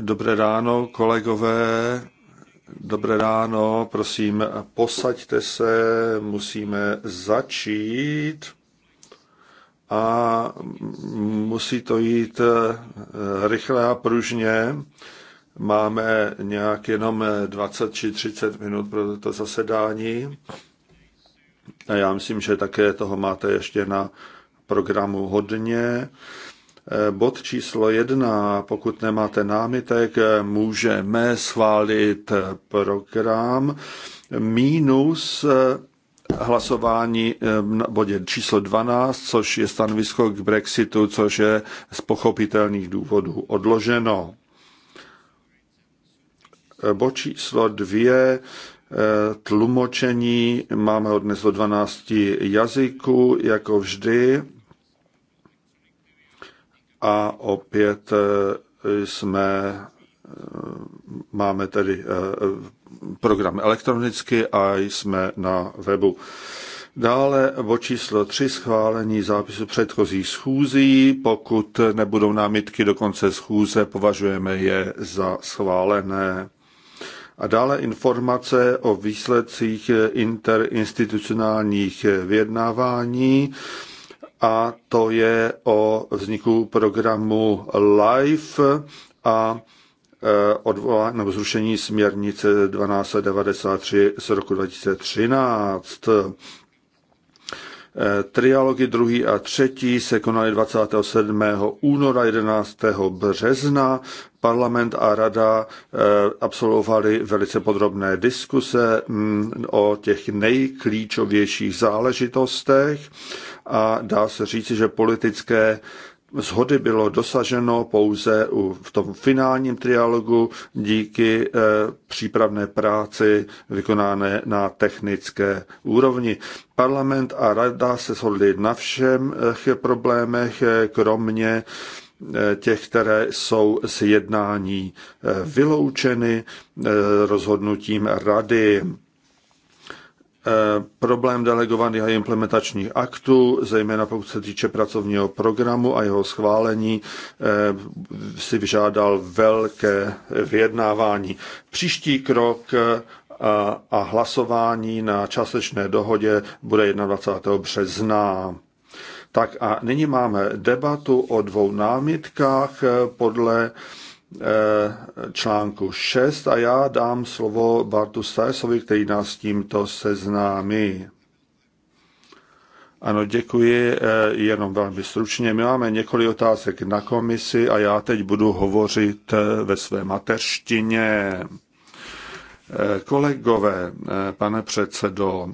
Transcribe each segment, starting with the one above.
Dobré ráno, kolegové. Dobré ráno, prosím, posaďte se, musíme začít. A musí to jít eh, rychle a pružně. Máme nějak jenom 20 eh, či 30 minut pro toto zasedání. A já myslím, že také toho máte ještě na programu hodně. Eh, bod číslo jedna, pokud nemáte námitek, můžeme schválit program minus eh, hlasování eh, na bodě číslo 12, což je stanovisko k Brexitu, což je z pochopitelných důvodů odloženo. Bod číslo dvě. tlumočení, máme ho dnes do 12 jazyků, jako vždy a opět e, jsme, e, máme tedy e, program elektronicky a jsme na webu. Dále bod číslo 3 schválení zápisu předchozí schůzí. Pokud nebudou námitky do konce schůze, považujeme je za schválené. A dále informace o výsledcích interinstitucionálních vyjednávání a to je o vzniku programu LIFE a e, odvolání nebo zrušení směrnice 1293 z roku 2013. Eh, trialogy druhý a třetí se konaly 27. února 11. března. Parlament a rada eh, absolvovali velice podrobné diskuse mm, o těch nejklíčovějších záležitostech a dá se říci, že politické Zhody bylo dosaženo pouze v tom finálním trialogu díky eh, přípravné práci vykonané na technické úrovni. Parlament a rada se shodli na všech eh, problémech, eh, kromě těch, které jsou z jednání vyloučeny rozhodnutím rady. Eh, problém delegovaných a implementačních aktů, zejména pokud se týče pracovního programu a jeho schválení, eh, si vyžádal velké vyjednávání. Příští krok eh, a hlasování na částečné dohodě bude 21. března. Tak a nyní máme debatu o dvou námitkách podle Eh, článku 6 a já dám slovo Bartu Stajesovi, který nás s tímto seznámí. Ano, děkuji, eh, jenom velmi stručně. My máme několik otázek na komisi a já teď budu hovořit eh, ve své mateřštině. Kolegové, pane předsedo,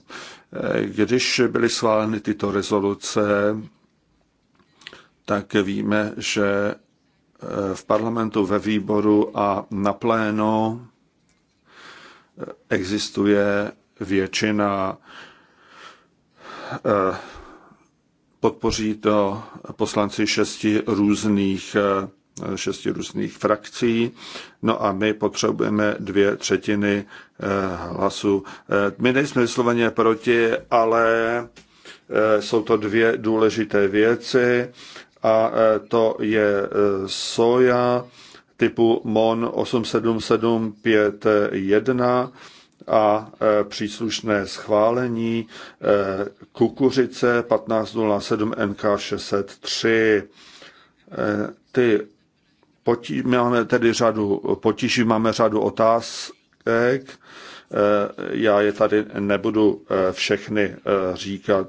když byly schváleny tyto rezoluce, tak víme, že v parlamentu, ve výboru a na plénu existuje většina. Eh, podpoří to poslanci šesti různých, eh, šesti různých frakcí. No a my potřebujeme dvě třetiny eh, hlasů. My nejsme vysloveně proti, ale jsou to dvě důležité věci a e, to je e, soja typu MON 87751 a e, příslušné schválení kukuřice 1507 NK603. Ty máme tedy řadu potíží, máme řadu otázek. Já je tady nebudu všechny říkat.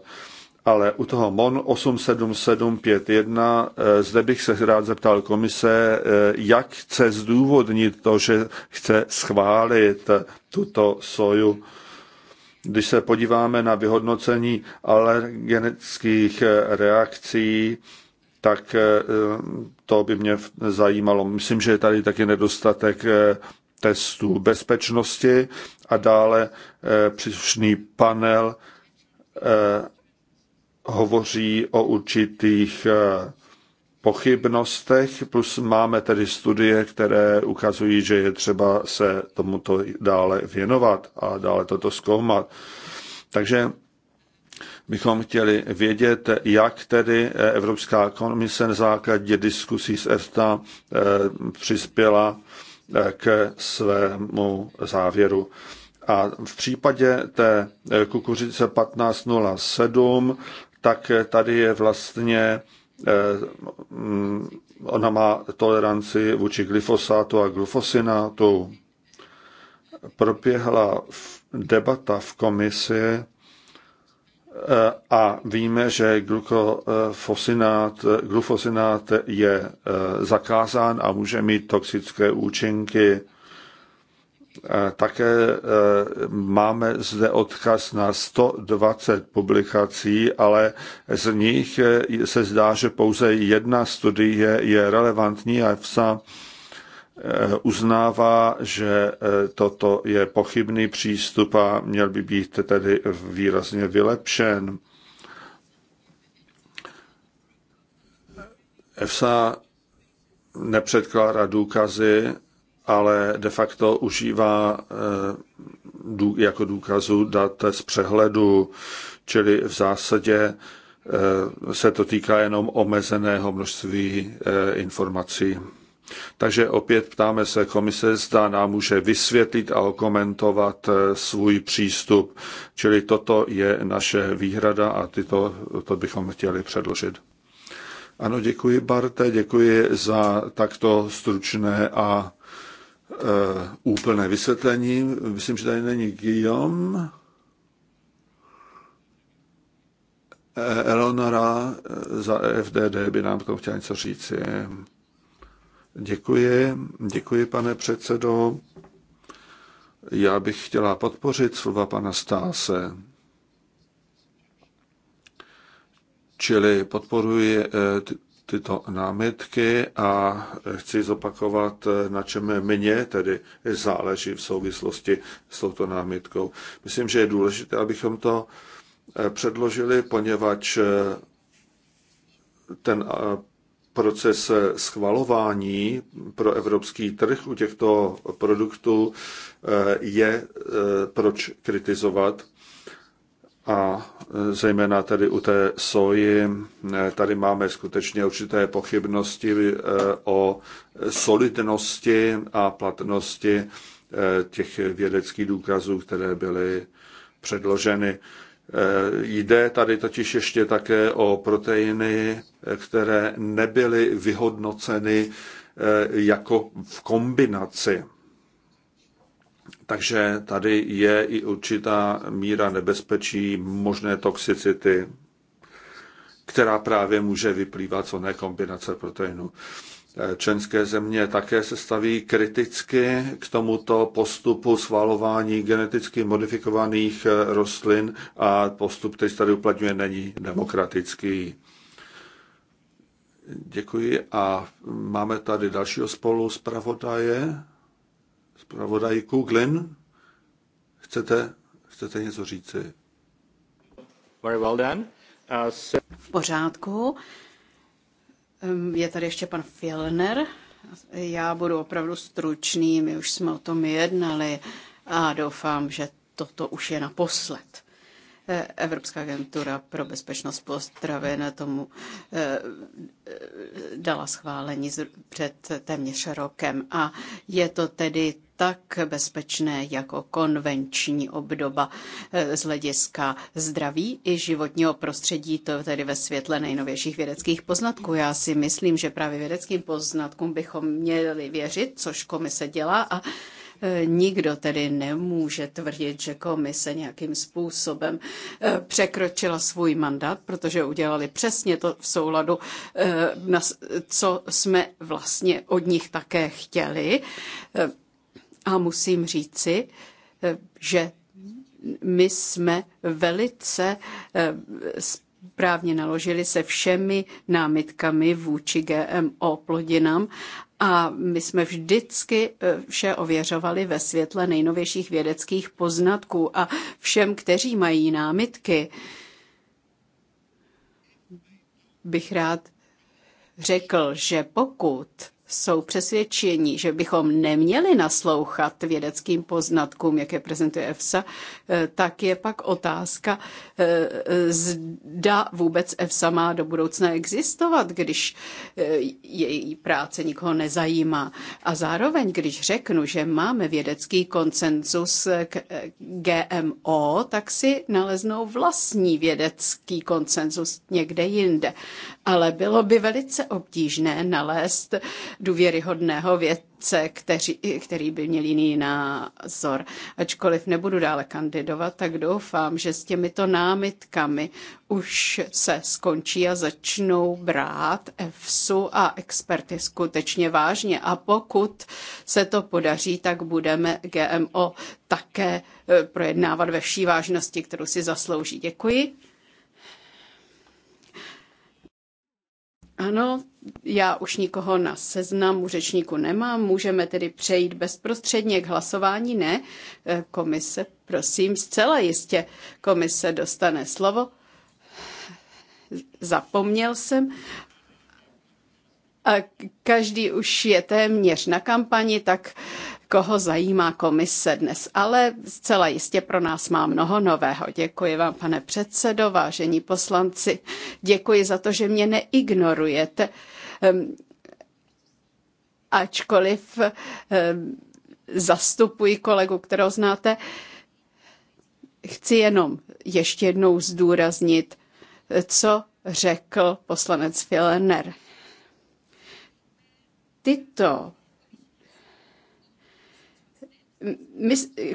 Ale u toho MON 87751 eh, zde bych se rád zeptal komise, eh, jak chce zdůvodnit to, že chce schválit tuto soju. Když se podíváme na vyhodnocení alergenických eh, reakcí, tak to by mě zajímalo. Myslím, že je tady taky nedostatek testů bezpečnosti a dále příslušný panel hovoří o určitých eh, pochybnostech, plus máme tedy studie, které ukazují, že je třeba se tomuto dále věnovat a dále toto zkoumat. Takže bychom chtěli vědět, jak tedy eh, Evropská komise na základě diskusí s EFTA eh, přispěla k svému závěru. A v případě té kukuřice 1507 tak tady je vlastně eh, mm, ona má toleranci vůči glyfosátu a glufosinátu. Proběhla debata v komisi eh, a víme, že glufosinát, je eh, zakázán a může mít toxické účinky. Také eh, máme zde odkaz na 120 publikací, ale z nich eh, se zdá, že pouze jedna studie je relevantní a EFSA eh, uznává, že toto je pochybný přístup a měl by být tedy výrazně vylepšen. EFSA nepředkládá důkazy ale de facto užívá eh, jako důkazu dat z přehledu, čili v zásadě eh, se to týká jenom omezeného množství eh, informací. Takže opět ptáme se komise, zda nám může vysvětlit a okomentovat svůj přístup. Čili toto je naše výhrada a tyto, to bychom chtěli předložit. Ano, děkuji Barte, děkuji za takto stručné a Eh, úplné vysvětlení. Myslím, že tady není Guillaume. Eh, Eleonora eh, za FDD by nám k tomu chtěla něco říci. Děkuji, děkuji pane předsedo. Já bych chtěla podpořit slova pana Stáse. Čili podporuji tyto námitky a chci zopakovat, na čem mně tedy záleží v souvislosti s touto námitkou. Myslím, že je důležité, abychom to eh, předložili, poněvadž eh, ten eh, proces schvalování pro evropský trh u těchto produktů je proč kritizovat a e, zejména tedy u té soji, e, tady máme skutečně určité pochybnosti e, o solidnosti a platnosti těch vědeckých důkazů, které byly předloženy. Jde tady totiž ještě také o proteiny, které nebyly vyhodnoceny jako v kombinaci takže tady je i určitá míra nebezpečí možné toxicity, která právě může vyplývat z oné kombinace proteinů. Členské země také se staví kriticky k tomuto postupu schvalování geneticky modifikovaných rostlin a postup, který se tady uplatňuje, není demokratický. Děkuji a máme tady dalšího spolu zpravodaje zpravodajku Glyn. Chcete, chcete něco říci? Very well done. Uh, so... V pořádku. Um, je tady ještě pan Filner. Já budu opravdu stručný, my už jsme o tom jednali a doufám, že toto už je naposled. Eh, Evropská agentura pro bezpečnost potravin tomu eh, dala schválení před téměř rokem. A je to tedy tak bezpečné jako konvenční obdoba eh, z hlediska zdraví i životního prostředí, to tedy ve světle nejnovějších vědeckých poznatků. Já si myslím, že právě vědeckým poznatkům bychom měli věřit, což komise dělá a eh, Nikdo tedy nemůže tvrdit, že komise nějakým způsobem eh, překročila svůj mandát, protože udělali přesně to v souladu, co jsme vlastně od nich také chtěli. A musím říci, eh, že my jsme velice eh, správně naložili se všemi námitkami vůči GMO plodinám a my jsme vždycky eh, vše ověřovali ve světle nejnovějších vědeckých poznatků a všem, kteří mají námitky, bych rád řekl, že pokud jsou přesvědčeni, že bychom neměli naslouchat vědeckým poznatkům, jak je prezentuje EFSA, eh, tak je pak otázka, eh, eh, zda vůbec EFSA má do budoucna existovat, když její práce nikoho nezajímá. A zároveň, když řeknu, že máme vědecký koncenzus k GMO, tak si naleznou vlastní vědecký koncenzus někde jinde. Ale bylo by velice obtížné nalézt důvěryhodného vědce, kteří, který by měl jiný názor. Ačkoliv nebudu dále kandidovat, tak doufám, že s těmito námitkami už se skončí a začnou brát EFSU a experty skutečně vážně. A pokud se to podaří, tak budeme GMO také eh, projednávat ve vší vážnosti, kterou si zaslouží. Děkuji. Ano, já už nikoho na seznamu řečníku nemám, můžeme tedy přejít bezprostředně k hlasování. Ne, eh, komise, prosím, zcela jistě komise dostane slovo. Zapomněl jsem. A každý už je téměř na kampani, tak koho zajímá komise dnes, ale zcela jistě pro nás má mnoho nového. Děkuji vám, pane předsedo, vážení poslanci, děkuji za to, že mě neignorujete. Ehm, ačkoliv ehm, zastupuji kolegu, kterého znáte, chci jenom ještě jednou zdůraznit, co řekl poslanec Filener. Tyto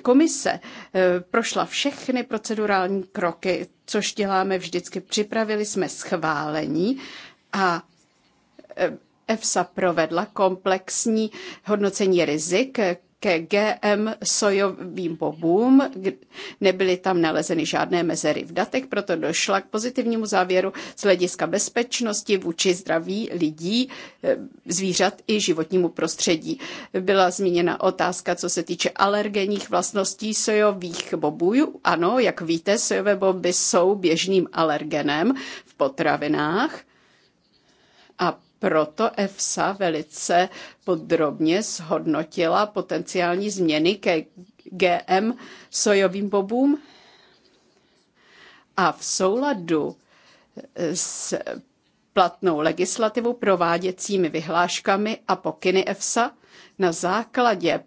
komise eh, prošla všechny procedurální kroky, což děláme vždycky. Připravili jsme schválení a eh, EFSA provedla komplexní hodnocení rizik, ke GM sojovým bobům. Nebyly tam nalezeny žádné mezery v datech, proto došla k pozitivnímu závěru z hlediska bezpečnosti vůči zdraví lidí, eh, zvířat i životnímu prostředí. Byla zmíněna otázka, co se týče alergenních vlastností sojových bobů. Ano, jak víte, sojové boby jsou běžným alergenem v potravinách a proto EFSA velice podrobně zhodnotila potenciální změny ke GM sojovým bobům a v souladu s platnou legislativou, prováděcími vyhláškami a pokyny EFSA na základě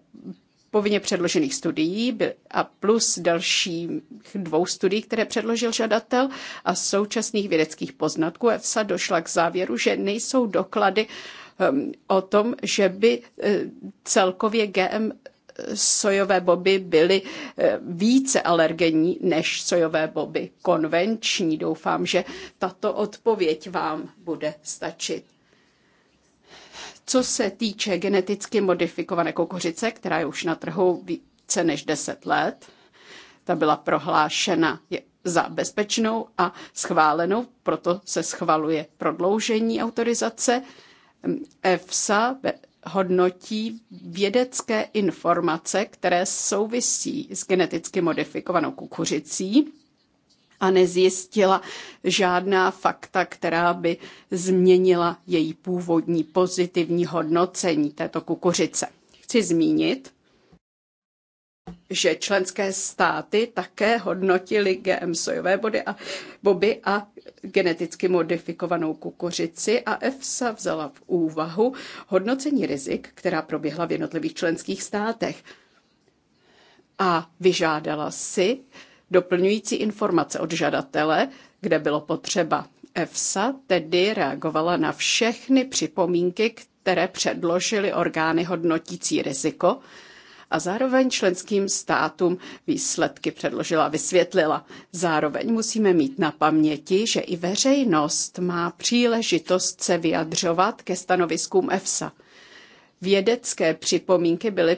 povinně předložených studií a plus dalších dvou studií, které předložil žadatel a současných vědeckých poznatků EFSA došla k závěru, že nejsou doklady um, o tom, že by uh, celkově GM sojové boby byly uh, více alergenní než sojové boby konvenční. Doufám, že tato odpověď vám bude stačit. Co se týče geneticky modifikované kukuřice, která je už na trhu více než 10 let, ta byla prohlášena za bezpečnou a schválenou, proto se schvaluje prodloužení autorizace. EFSA hodnotí vědecké informace, které souvisí s geneticky modifikovanou kukuřicí a nezjistila žádná fakta, která by změnila její původní pozitivní hodnocení této kukuřice. Chci zmínit, že členské státy také hodnotily GM sojové body a boby a geneticky modifikovanou kukuřici a EFSA vzala v úvahu hodnocení rizik, která proběhla v jednotlivých členských státech a vyžádala si doplňující informace od žadatele, kde bylo potřeba. EFSA tedy reagovala na všechny připomínky, které předložily orgány hodnotící riziko a zároveň členským státům výsledky předložila a vysvětlila. Zároveň musíme mít na paměti, že i veřejnost má příležitost se vyjadřovat ke stanoviskům EFSA. Vědecké připomínky byly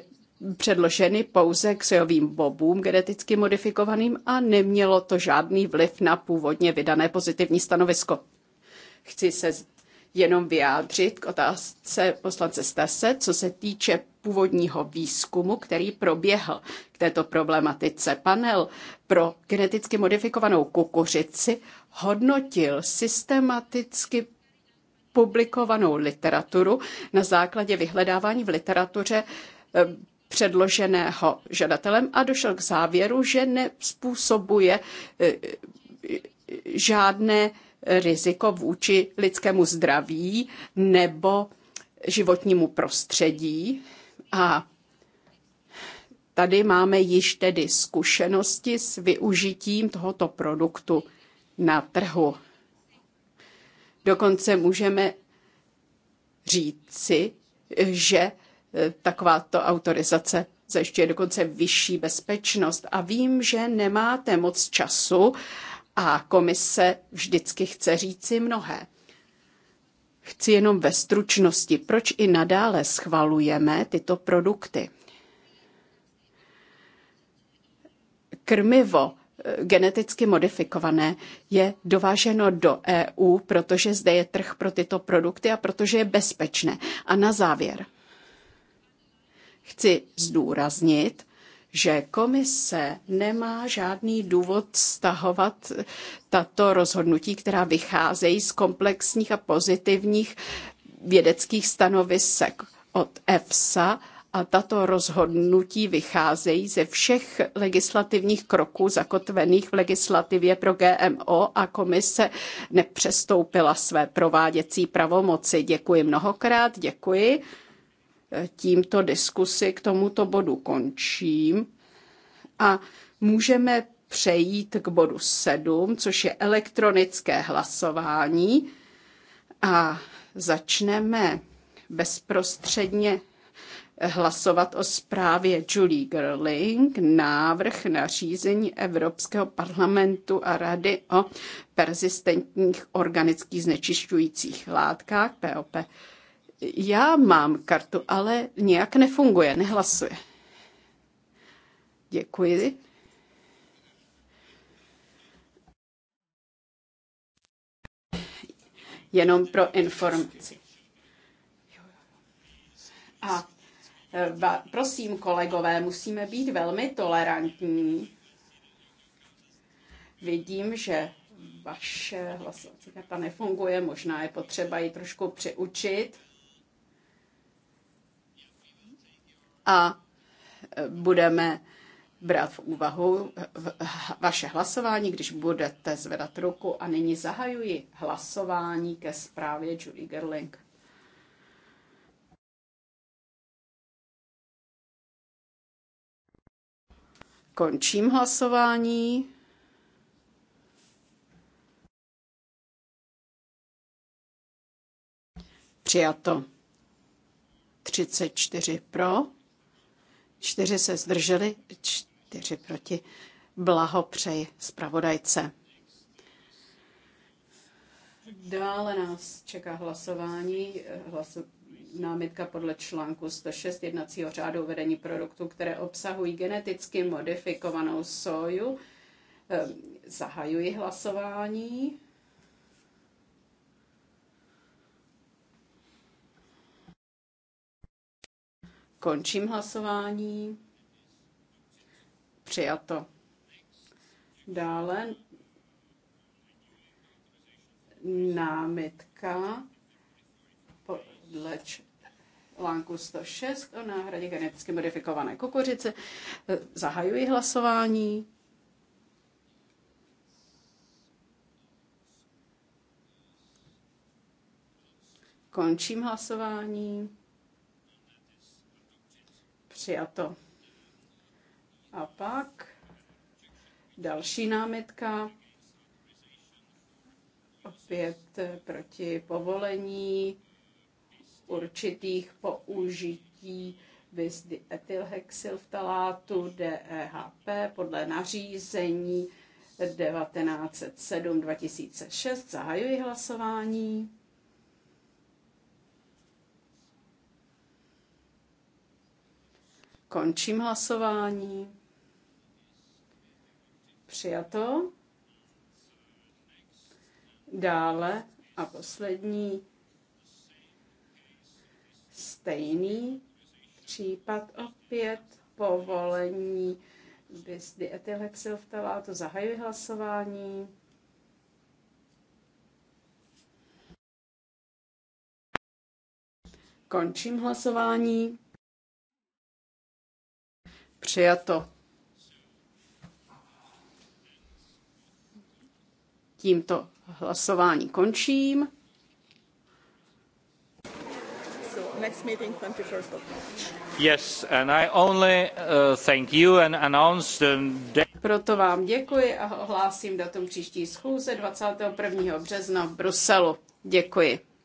předloženy pouze sojovým bobům geneticky modifikovaným a nemělo to žádný vliv na původně vydané pozitivní stanovisko. Chci se jenom vyjádřit k otázce poslance Stase, co se týče původního výzkumu, který proběhl k této problematice. Panel pro geneticky modifikovanou kukuřici hodnotil systematicky publikovanou literaturu na základě vyhledávání v literatuře eh, předloženého žadatelem a došel k závěru, že nespůsobuje eh, žádné riziko vůči lidskému zdraví nebo životnímu prostředí. A tady máme již tedy zkušenosti s využitím tohoto produktu na trhu. Dokonce můžeme říci, že E, takováto autorizace zajišťuje dokonce vyšší bezpečnost. A vím, že nemáte moc času a komise vždycky chce říci mnohé. Chci jenom ve stručnosti, proč i nadále schvalujeme tyto produkty. Krmivo e, geneticky modifikované je dováženo do EU, protože zde je trh pro tyto produkty a protože je bezpečné. A na závěr – Chci zdůraznit, že komise nemá žádný důvod stahovat tato rozhodnutí, která vycházejí z komplexních a pozitivních vědeckých stanovisek od EFSA a tato rozhodnutí vycházejí ze všech legislativních kroků zakotvených v legislativě pro GMO a komise nepřestoupila své prováděcí pravomoci. Děkuji mnohokrát, děkuji tímto diskusi k tomuto bodu končím a můžeme přejít k bodu 7, což je elektronické hlasování a začneme bezprostředně hlasovat o zprávě Julie Gerling, návrh na řízení Evropského parlamentu a rady o persistentních organických znečišťujících látkách POP já mám kartu, ale nějak nefunguje, nehlasuje. Děkuji. Jenom pro informaci. A prosím, kolegové, musíme být velmi tolerantní. Vidím, že vaše hlasovací karta nefunguje, možná je potřeba ji trošku přeučit. a e, budeme brát v úvahu vaše hlasování, když budete zvedat ruku. A nyní zahajuji hlasování ke zprávě Julie Gerling. Končím hlasování. Přijato. 34 pro čtyři se zdrželi, čtyři proti. Blahopřeji zpravodajce. Dále nás čeká hlasování, hlasu, námitka podle článku 106 jednacího řádu vedení produktů, které obsahují geneticky modifikovanou soju. Ehm, zahajuji hlasování. Končím hlasování. Přijato. Dále námitka podle lánku 106 o náhradě geneticky modifikované kukuřice. Zahajuji hlasování. Končím hlasování. Přijato. A pak další námitka. Opět proti povolení určitých použití vizdy etylhexylftalátu DEHP podle nařízení 1907-2006. Zahajuji hlasování. Končím hlasování. Přijato. Dále a poslední stejný případ opět povolení bis To Zahajuji hlasování. Končím hlasování. Přijato. Tímto hlasování končím. next meeting 21st of March. Yes, and I only uh, thank you and announce the date. Proto vám děkuji a hlásím datum příští schůze 21. března v Bruselu. Děkuji.